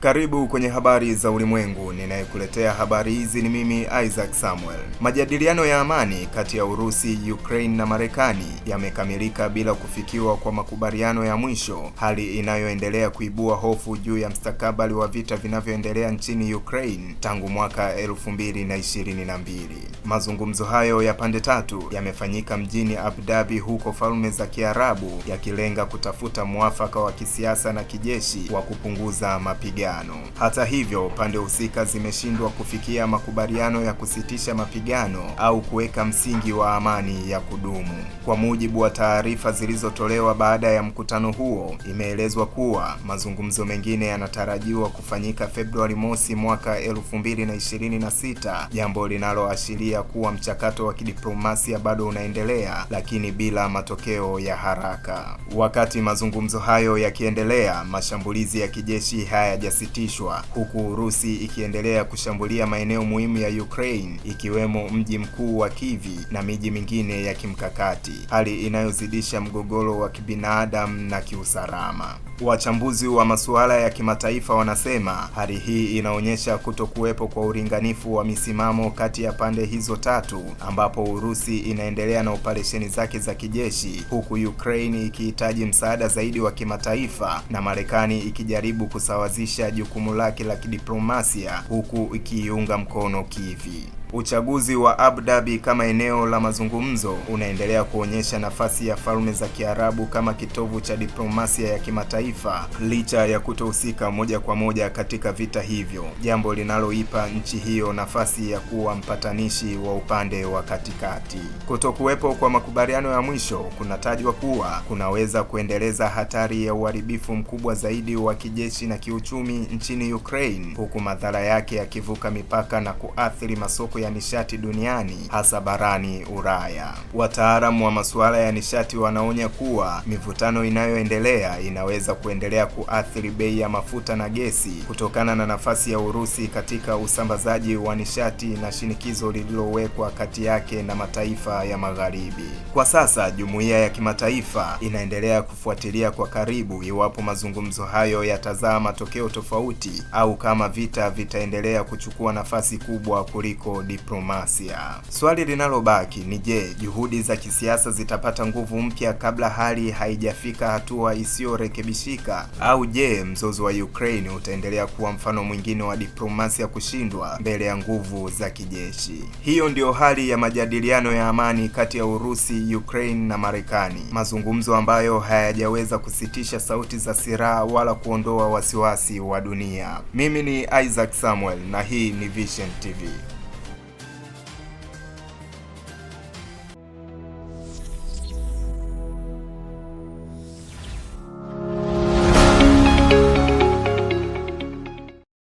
Karibu kwenye habari za ulimwengu. Ninayekuletea habari hizi ni mimi Isaac Samuel. Majadiliano ya amani kati ya Urusi, Ukraine na Marekani yamekamilika bila kufikiwa kwa makubaliano ya mwisho, hali inayoendelea kuibua hofu juu ya mstakabali wa vita vinavyoendelea nchini Ukraine tangu mwaka 2022. Mazungumzo hayo ya pande tatu yamefanyika mjini Abu Dhabi huko Falme za Kiarabu, yakilenga kutafuta mwafaka wa kisiasa na kijeshi wa kupunguza mapigano mapigano. Hata hivyo, pande husika zimeshindwa kufikia makubaliano ya kusitisha mapigano au kuweka msingi wa amani ya kudumu. Kwa mujibu wa taarifa zilizotolewa baada ya mkutano huo, imeelezwa kuwa mazungumzo mengine yanatarajiwa kufanyika Februari mosi mwaka 2026, jambo linaloashiria kuwa mchakato wa kidiplomasia bado unaendelea, lakini bila matokeo ya haraka. Wakati mazungumzo hayo yakiendelea, mashambulizi ya kijeshi hayaja umesitishwa huku Urusi ikiendelea kushambulia maeneo muhimu ya Ukraine ikiwemo mji mkuu wa Kyiv na miji mingine ya kimkakati, hali inayozidisha mgogoro wa kibinadamu na kiusalama. Wachambuzi wa masuala ya kimataifa wanasema hali hii inaonyesha kutokuwepo kwa ulinganifu wa misimamo kati ya pande hizo tatu, ambapo Urusi inaendelea na operesheni zake za kijeshi huku Ukraine ikihitaji msaada zaidi wa kimataifa na Marekani ikijaribu kusawazisha jukumu lake la kidiplomasia huku ikiiunga mkono Kivi. Uchaguzi wa Abu Dhabi kama eneo la mazungumzo unaendelea kuonyesha nafasi ya Falme za Kiarabu kama kitovu cha diplomasia ya kimataifa licha ya kutohusika moja kwa moja katika vita hivyo, jambo linaloipa nchi hiyo nafasi ya kuwa mpatanishi wa upande wa katikati. Kutokuwepo kwa makubaliano ya mwisho kunatajwa kuwa kunaweza kuendeleza hatari ya uharibifu mkubwa zaidi wa kijeshi na kiuchumi nchini Ukraine, huku madhara yake yakivuka mipaka na kuathiri masoko ya nishati duniani hasa barani Ulaya. Wataalamu wa masuala ya nishati wanaonya kuwa mivutano inayoendelea inaweza kuendelea kuathiri bei ya mafuta na gesi kutokana na nafasi ya Urusi katika usambazaji wa nishati na shinikizo lililowekwa kati yake na mataifa ya magharibi. Kwa sasa jumuiya ya kimataifa inaendelea kufuatilia kwa karibu iwapo mazungumzo hayo yatazaa matokeo tofauti au kama vita vitaendelea kuchukua nafasi kubwa kuliko diplomasia. Swali linalobaki ni je, juhudi za kisiasa zitapata nguvu mpya kabla hali haijafika hatua isiyorekebishika, au je, mzozo wa Ukraine utaendelea kuwa mfano mwingine wa diplomasia kushindwa mbele ya nguvu za kijeshi? Hiyo ndiyo hali ya majadiliano ya amani kati ya Urusi, Ukraine na Marekani, mazungumzo ambayo hayajaweza kusitisha sauti za silaha wala kuondoa wasiwasi wa dunia. Mimi ni Isaac Samuel na hii ni Vision TV.